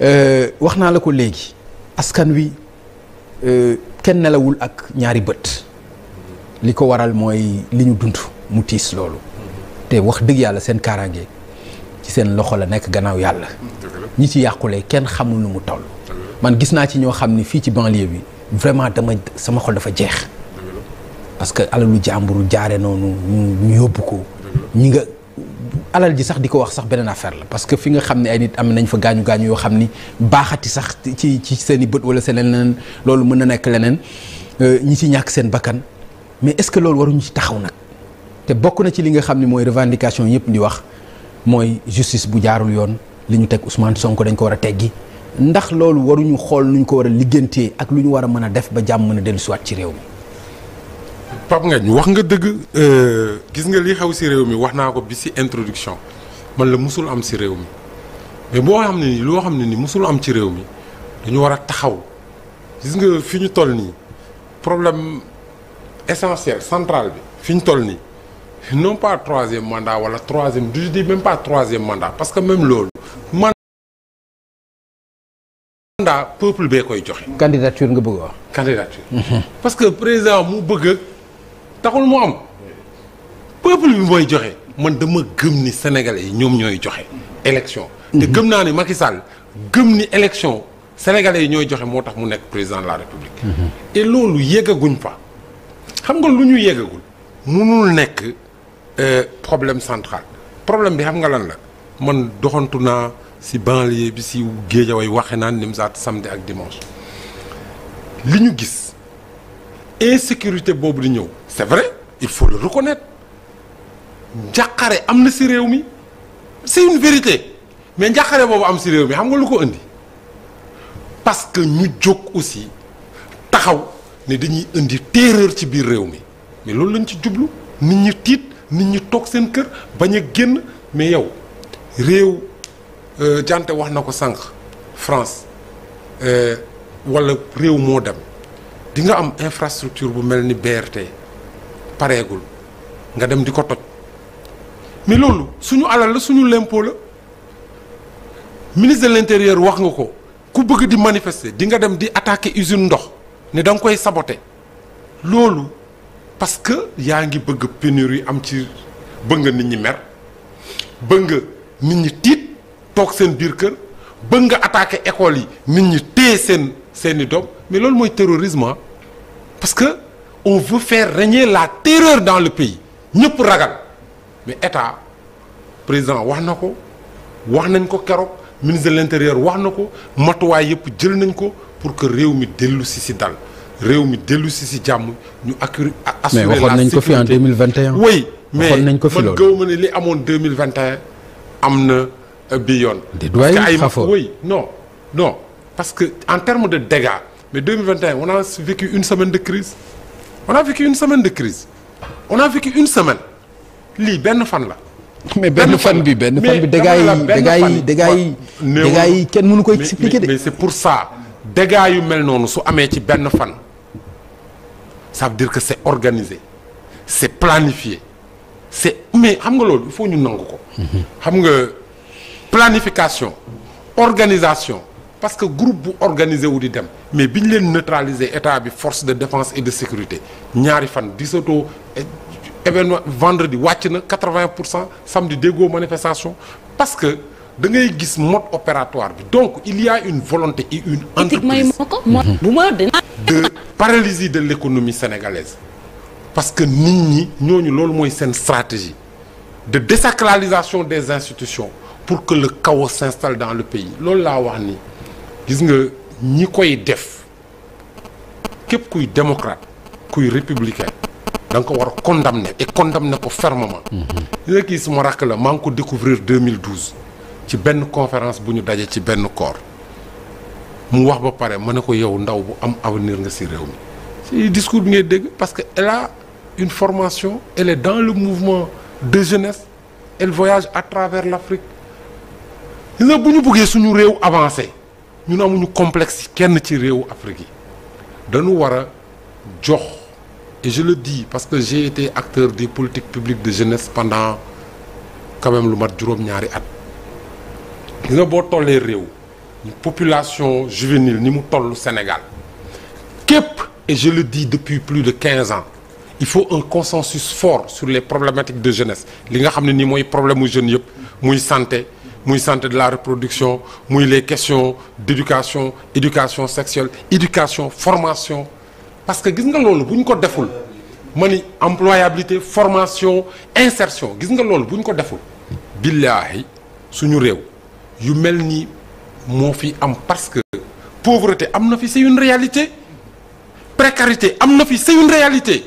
Euh, wax naa la ko léegi askan wi euh, kenn nelawul ak ñaari bët li ko waral mooy li ñu dund mu tiis loolu te wax dëgg yàlla seen kaaraange ci seen loxo la nekk gannaaw yàlla ñi ci yàqule kenn xamul nu mu toll man gis naa ci ñoo xam ni fii ci banlieue bi vraiment dama sama xol dafa jeex parce que alalu jàmbur jaare noonu ñu yóbbu ko ñi nga alal ji sax di ko wax sax beneen affaire la parce que fi nga xam ne ay nit am nañ fa gaañu gaañu yoo xam ni baaxati sax ci ci seen bët wala seen leneen loolu mën na nekk leneen euh, ñi ci ñàkk seen bakkan mais est-ce que loolu waruñu ci taxaw nag te bokk na ci li nga xam ne mooy revendication yëpp di wax mooy justice bu jaarul yoon li ñu teg Ousmane Sonko dañ ko war a teggi ndax loolu waruñu xool nuñ ko war a liggéentee ak lu ñu war a mën a def ba jàmm mën a dellusiwaat ci réew mi. Pape Ngagne wax nga dëgg euh, gis nga li xew si réew mi wax naa ko bi ci introduction man la mosul am ci réew mi boo xam ne nii loo xam ne ni musul am ci réew mi dañu war a taxaw gis nga fi ñu toll nii problème essentiel centrale bi fi ñu toll nii non pas troisième mandat wala troisième je dis même pas troisième mandat parce que même loolu mandat peuple bee koy nga bëgg wax taxul mu am peuple bi mooy joxe man dama gëm ni sénégalais yi ñoom ñooy joxe. élection te mhm. gëm naa ni Macky Sall gëm ni élection sénégalais yi ñooy joxe moo tax mu nekk président de la république. Mhm. et loolu yeggaguñ fa xam nga lu ñu yeggagul munul nekk euh, problème central problème bi xam nga lan la man doxantu naa si banlieue bi si géejawaay waxe naan Nimzaat samedi ak dimanche li ñu gis insécurité boobu di ñëw. c'est vrai il faut le reconnaître njàqare am na si réew mi c'est une mais njàqare boobu am si réew mi xam nga lu ko indi parce que ñu jóg aussi taxaw ne dañuy indi terreur ci biir réew mi mais loolu lañ ci jublu nit ñi tiit nit ñi toog seen kër bañ a génn mais yow réew jante euh, wax na ko sànq France euh, walla réew moo dem di nga am infrastructure bu mel ni BRT pareegul nga dem di ko toj mais loolu suñu alal la suñu lempo la ministre de l'intérieur wax nga ko ku bëgg di manifester di nga dem di attaquer usine ndox ne danga koy saboter loolu parce que yaa ngi bëgg yi am ci bëgg nga nit ñi mer bëgg nga nit ñi tiit toog seen biir kër bëgg nga attaquer école yi nit ñi téye seen seeni doom mais loolu mooy terrorisme ah. on veut faire régner la terreur dans le pays ñëpp ragal mais état président wax na ko wax nañ ko keroog ministre de l'intérieur wax na ko matuwaay yëpp jël nañ ko pour que réew mi dellu si si dal réew mi dellu si si jàmm ñu accru assurer mais waxoon nañ ko fi en 2021 oui mais waxoon nañ ko fi loolu man gëw ma ne li amoon 2021 am na euh, bi yoon parce que ay oui non non parce que en termes de dégâts mais 2021 on a une semaine de crise on a vécu une semaine de crise on a vécu une semaine lii benn fan la. mais benn fan bi benn fan bi dégâts yi dégâts yi dégâts yi dégâts yi kenn mënu koy expliquer de. mais c'est pour ça dégâts yu mel noonu su amee ci benn fan ça veut dire que c'est organiser c'est planifié c'est mais xam nga loolu il faut ñu nangu ko. Mm-hmm. xam nga planification organisation. parce que groupe bu organisé wu di dem mais bi ñu leen neutraliser état bi force de défense et de sécurité ñaari fan disatoo événement vendredi wàcc na 80 pour cent samedi déggoo manifestation parce que da ngay gis mode opératoire bi donc il y a une volonté et une entreprise mhm. de paralysie de l'économie sénégalaise parce que nit ñi ñooñu loolu mooy seen stratégie de désacralisation des institutions pour que le chaos s'installe dans le pays loolu laa wax nii gis nga ñi koy def képp kuy démocrate kuy républicain da ko war a condamner et condamner ko fermement. dina mhm. kii suma rakk la maa ngi ko découvrir ci benn conférence bu ñu dajee ci benn corps mu wax ba pare ma ne ko yow ndaw bu am avenir nga si réew mi. si discours bi ngay dégg parce que elle a une formation elle est dans le mouvement de jeunesse elle voyage à travers l'Afrique gis nga bu ñu buggee suñu réew avancé. ñun amuñu complexe kenn ci réewu Afrique yi dañu war a jox et je le dis parce que j'ai été acteur des politiques publiques de jeunesse pendant quand même lu mat juróom-ñaari at li nga boo tollee réew population juvénile ni mu toll Sénégal képp et je le dis depuis plus de quinze ans il faut un consensus fort sur les problématiques de jeunesse li nga xam ne nii mooy problème mu jeunes yëpp muy santé muy santé de la reproduction muy les questions d'éducation éducation sexuelle éducation formation parce que gis nga loolu bu ñu ko deful ma ni employabilité formation insertion gis nga loolu bu ñu ko deful billaahi suñu réew yu mel ni moo fi am parce que pauvreté am na fi c'est une réalité précarité am na fi c'est une réalité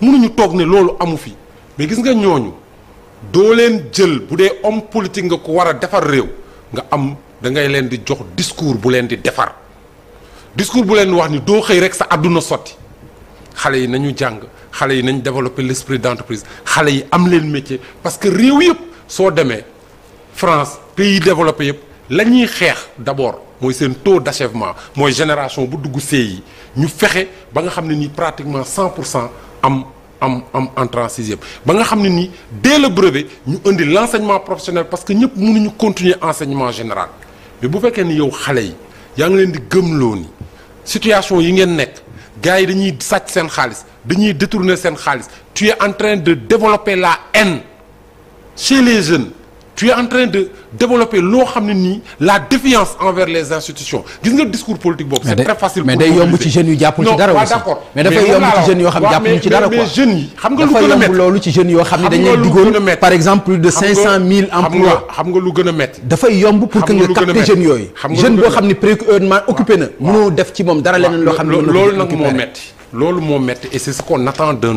mënuñu toog ne loolu amu fi mais gis nga ñooñu doo leen jël bu dee homme politique nga ko war a defar réew nga am dangay leen di jox discours bu leen di defar discours bu leen di wax ni doo xëy rek sa àdduna sotti xale yi nañu jàng xale yi nañ développer l'esprit d'entreprise xale yi am leen métier parce que réew yëpp soo demee France pays développé yëpp la ñuy xeex d'abord mooy seen taux d'achèvement mooy génération bu dugg CI yi ñu fexe ba nga xam ne nii pratiquement 100 pour cent am am am entrée en ba nga xam ne nii dès le brevet ñu indi l' enseignement professionnel parce que ñëpp mënuñu continuer enseignement général mais bu fekkee ni yow xale yi yaa ngi leen di gëmloo ni situation yi ngeen nekk gars yi dañuy sàcc seen xaalis dañuy détourner seen xaalis tu es de développer la haine chez les jeunes tu es en de développer loo xam ne nii la défiance envers les institutions gis nga discours politique boobu. c'est très facile mais day mais dafay yomb ci jeunes yoo xam jàppul ci dara quoi yi. xam nga a métti loolu ci jeunes yoo xam ne dañu leen par exemple plus de 500000 emplois xam nga lu gën a métti. dafay yomb pour que nga capter jeunes yooyu. xam nga jeune boo xam ne préoccupement occupé na. mënoo def ci moom dara leneen loo xam ne. loolu moo métti et c'est ce qu'on attend d'un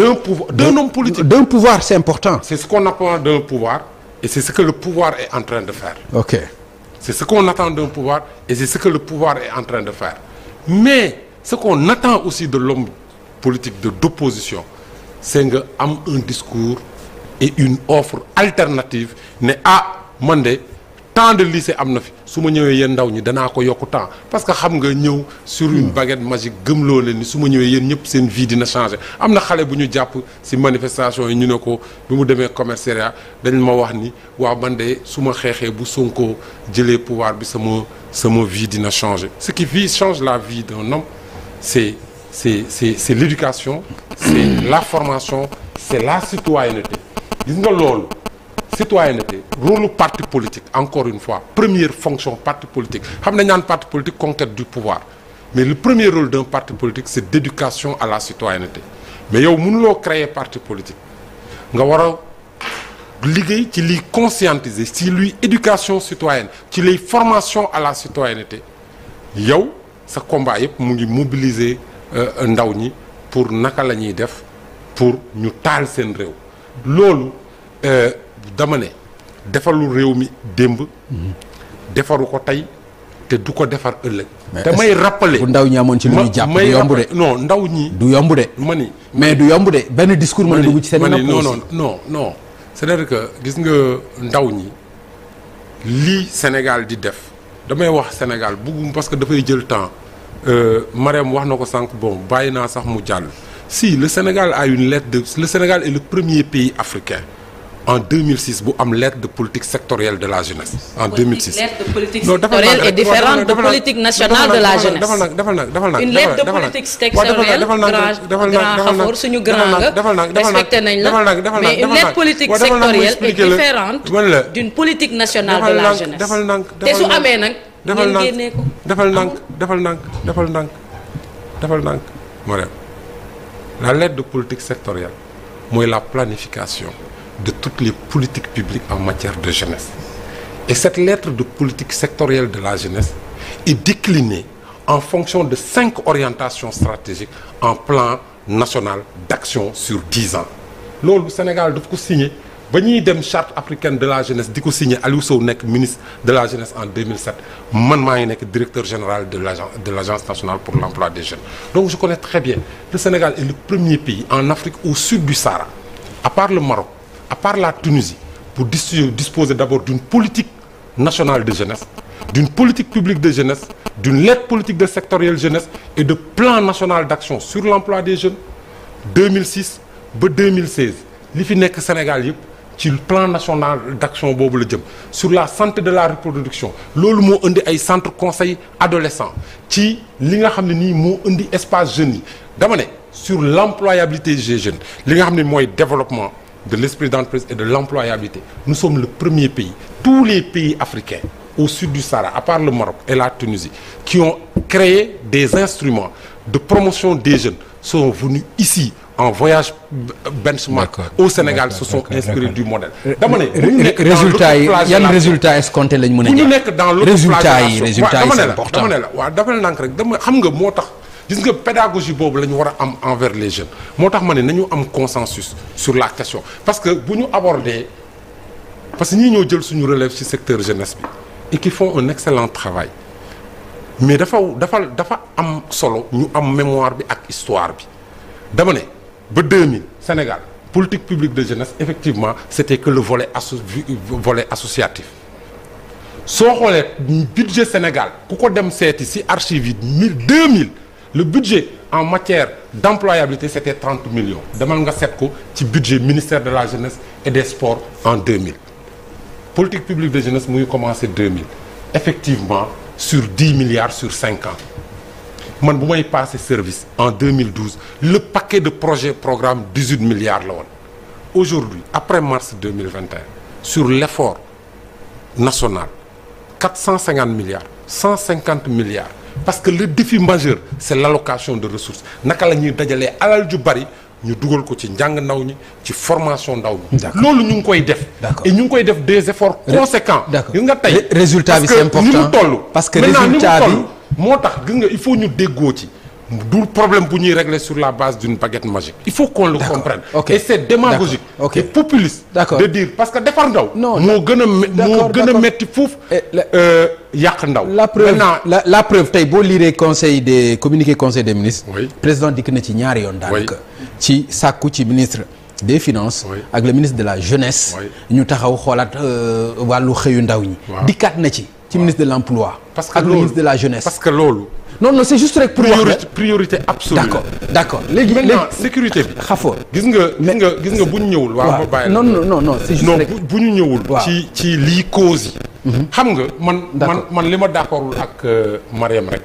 d'un pouvoir d'un homme pouvoir c'est important c'est ce qu'on attend d'un pouvoir et c'est ce que le pouvoir est en train de faire OK c'est ce qu'on attend d'un pouvoir et c'est ce que le pouvoir est en train de faire mais ce qu'on attend aussi de l'homme politique de d'opposition c'est nga am un discours et une offre alternative ne ah man tant de lycée am na fi su ma ñëwee yéen ndaw ñi danaa ko yokku temps parce que xam nga ñëw sur une hmm. baguette magique gëmloo leen ni su ma ñëwee yéen ñëpp seen vie dina changé am na xale bu ñu jàpp si manifestation yi ñu ne ko bi mu demee commissariat dañ ma wax ni waaw man de su ma xeexee bu Sonko jëlee pouvoir bi sama sama vie dina changé ce qui vie change la vie d'un homme c'est c'est c'est c'est l'éducation c'est la formation c'est la citoyenneté gis nga loolu citoyenneté rôle parti politique encore une fois première fonction parti politique xam na ñaan parti politique conquête du pouvoir mais le premier rôle de parti politique c'est d'éducation à la citoyenneté mais yow mënuloo créer parti politique nga war a liggéey ci liy conscientiser si luy éducation citoyenne ci liy formation à la citoyenneté yow sa combat yëpp mu ngi mobiliser euh, ndaw ñi pour naka la ñuy def pour ñu taal seen réew loolu euh, dama ne defalu réew mi démb. defaru ko tey te du ko defar ëllëg. te may rappelé bu ndaw ñi amoon ci lu ñuy jàpp du yomb de non ndaw ñi. du yomb de ma ni mais du yomb de benn discours mën a dugg ci seen. nopp non non non non cest que gis nga ndaw ñi lii Sénégal di def damay wax Sénégal buggum parce que dafay jël temps euh, Marème wax na ko sànq bon bàyyi naa sax mu jàll. si le Sénégal a une lettre de le Sénégal est premier pays africain. en 2006 bu am lettre de politique sectorielle de la jeunesse. en 2006 lettre de politique sectorielle est différente de politique nationale de la jeunesse. defal nag defal nag defal nag une lettre de politique sectorielle grand grand xafoor suñu grand nga respecté nañ la mais une lettre politique sectorielle est différente d'une politique nationale de la jeunesse. defal nag te su amee nag. defal nag defal nag defal nag defal nag defal nag moo la lettre de politique sectorielle mooy la planification. de toutes les politiques publiques en matière de jeunesse. Et cette lettre de politique sectorielle de la jeunesse est déclinée en fonction de cinq orientations stratégiques en plan national d'action sur dix ans. loolu Sénégal daf ko signé ba dem charte africaine de la jeunesse di ko signé Aliou Sow nekk ministre de la jeunesse en man maa ngi nekk directeur général de l'agence de l'agence nationale pour l'emploi des jeunes donc je connais très bien le Sénégal est en Afrique au sud du à part le à part la Tunisie pour disposer d'abord d'une politique nationale de jeunesse d'une politique publique de jeunesse d'une lettre politique de sectorielle jeunesse et de plan national d'action sur l'emploi des jeunes 2006 ba 2016 li fi nekk Sénégal yëpp ci plan national d'action boobu la jëm sur la santé de la reproduction loolu moo indi ay centre conseil adolescent ci li nga xam ne nii moo indi espace jeunes yi dama ne sur l'employabilité des jeunes li nga xam ne mooy développement de l'esprit d'entreprise et de l'employabilité. Nous sommes le premier pays, tous les pays africains au sud du Sahara, à part le Maroc et la Tunisie, qui ont créé des instruments de promotion des jeunes, sont venus ici en voyage benchmark au Sénégal se sont inspirés du modèle. Euh, dama la bu ñu nekk résultat yi yan résultat escompté lañ mën a. bu ñu nekk dans l'autre résultat la waaw dafa nank rek xam nga moo tax. gis nga pédagogie boobu la ñu war a am envers les jeunes moo tax ma ne nañu am consensus sur la question parce que bu ñu abordé parce que ñii ñoo jël suñu relève ci secteur jeunesse bi et qui font un excellent travail mais dafa dafa dafa am solo ñu am mémoire bi ak histoire bi dama ne ba 2000 Sénégal politique publique de jeunesse effectivement c'était que le volet asso volet associatif soo xoolee budget Sénégal ku ko dem seeti ci archives yi mille deux mille le budget en matière d'employabilité c'était 30 millions demal nga seet ko ci budget ministère de la jeunesse et des sports en 2000 politique publique de jeunesse mu ngi commencé 2000 effectivement sur 10 milliards sur 5 man bu may passé service en 2012 le paquet de projets programme 18 milliards la woon aujourd'hui après mars 2021 sur l'effort national 450 milliards 150 milliards parce que le défi majeur c'est l'allocation de ressources naka la ñuy dajalee alal ju bari ñu dugal ko ci njàng ndaw ñi ci formation ndaw ñi loolu ñu ngi koy def et ñu ngi koy def des efforts conséquents gis nga tey résultat bi c'est important parce que résultat bi moo tax gis nga il faut ñu déggoo ci du problème bu ñuy régler sur la base d'une baguette magique il faut qu'on le comprenne okay. et c'est démagogique okay. et populiste de dire parce que defar ndaw moo gën a a metti foofu euh, yàq ndaw la la, la tey boo liiree conseil des communiqué conseil des ministres oui. président dikk na ci ñaar yoon daanaka ci sàkku ci ministre des finances ak le ministre de la jeunesse ñu taxaw xoolaat euh, wàllu xëyu ndaw ñi dikkaat na ci ci ministre de l' emploi. parce que ak ministre de la jeunesse. parce que loolu. non non c' juste rek priorité priorité absolue. d' léegi léegi sécurité bi. xafoo gis nga gis nga gis nga bu ñu ñëwul. waa bàyyi non non non non c' est juste rek non bu ñu ñëwul. ci lii cause yi. xam nga man man man li ma d' accordul ak Mariam rek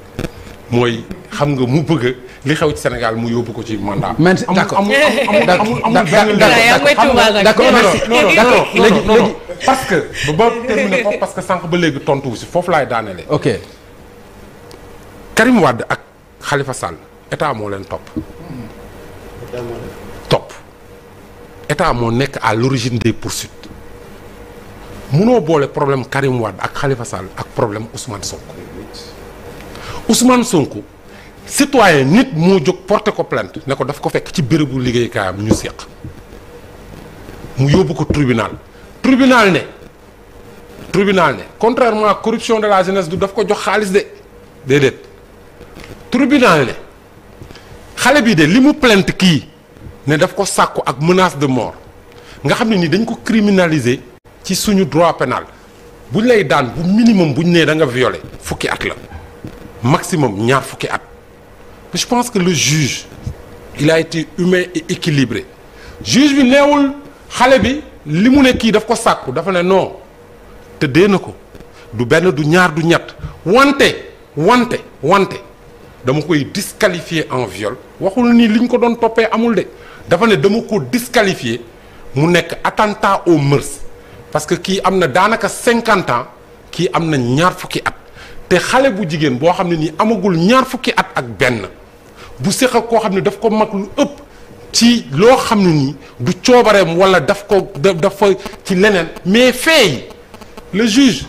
mooy xam nga mu bëgg li xew ci Sénégal mu yóbbu ko ci mandat. d' accord amul amul amul amul parce que ba terminer que sànq ba léegi tontu si foofu laay daanelee. ok Karim Wade ak xalifa Sall état moo leen topp. topp état moo nekk à l'origine des poursuites munoo boole problème Karim Wade ak xalifa Sall ak problème Ousmane Sonko Ousmane Sonko citoyen nit moo jóg porté ko plainte ne ko daf ko fekk ci bérébu liggéeykaayam ñu seq mu yóbbu ko tribunal. tribunal ne tribunal ne contrairement à corruption de la jeunesse du daf ko jox xaalis de déedéet tribunal ne xale bi de li mu plainte kii ne daf ko sàkku ak menace de mort nga xam ne ni dañ ko criminaliser ci suñu droit penal buñ lay daan bu minimum buñ nee da nga violé fukki at la maximum ñaar fukki at je pense que le juge il a été humain et équilibré juge bi neewul xale bi li mu ne kii daf ko sàkku dafa ne non tëddee na ko du benn du ñaar du ñett wante wante wante dama koy disqualifier en waxul ni liñ ko doon toppee amul de dafa ne dama ko disqualifier mu nekk attentat aux mœurs parce que kii am na daanaka cinquante ans kii am na ñaar fukki at te xale bu jigéen boo xam ne nii amagul ñaar fukki at ak benn bu séq koo xam ne daf ko mag lu ëpp ci loo xam ne nii du coobareem wala daf ko dafa ci leneen mais fait yi le juge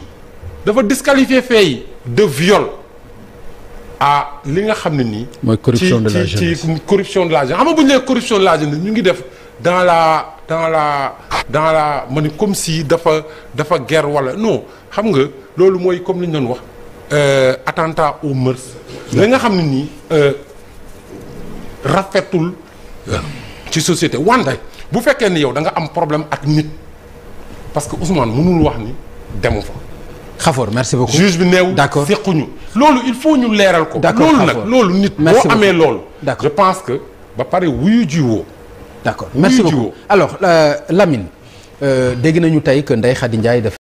dafa disqualifier fait de viol ah li nga xam ne nii mooy corruption de la jeunesse ci corruption de la jeunesse xam nga bu ñu nee corruption de la jeunesse ñu ngi def dans la dans la dans la ma ni comme si dafa dafa guerre wala non xam nga loolu mooy comme li ñu doon wax euh, attentat au mœurs li nga xam ne nii euh, rafetul Euh, ci société wante bu fekkee ni yow da nga am problème ak nit parce que Ousmane mënul wax ni demu fa. Khafor merci beaucoup juge bi néew. d' accord sequñu loolu il faut ñu leeral ko. d' accord loolu loolu nit. boo amee loolu. d' accord je pense que ba pare wuyu jiwoo. d' accord merci beaucoup alors euh, Lamine euh, dégg nañu tey que Ndeye Khady def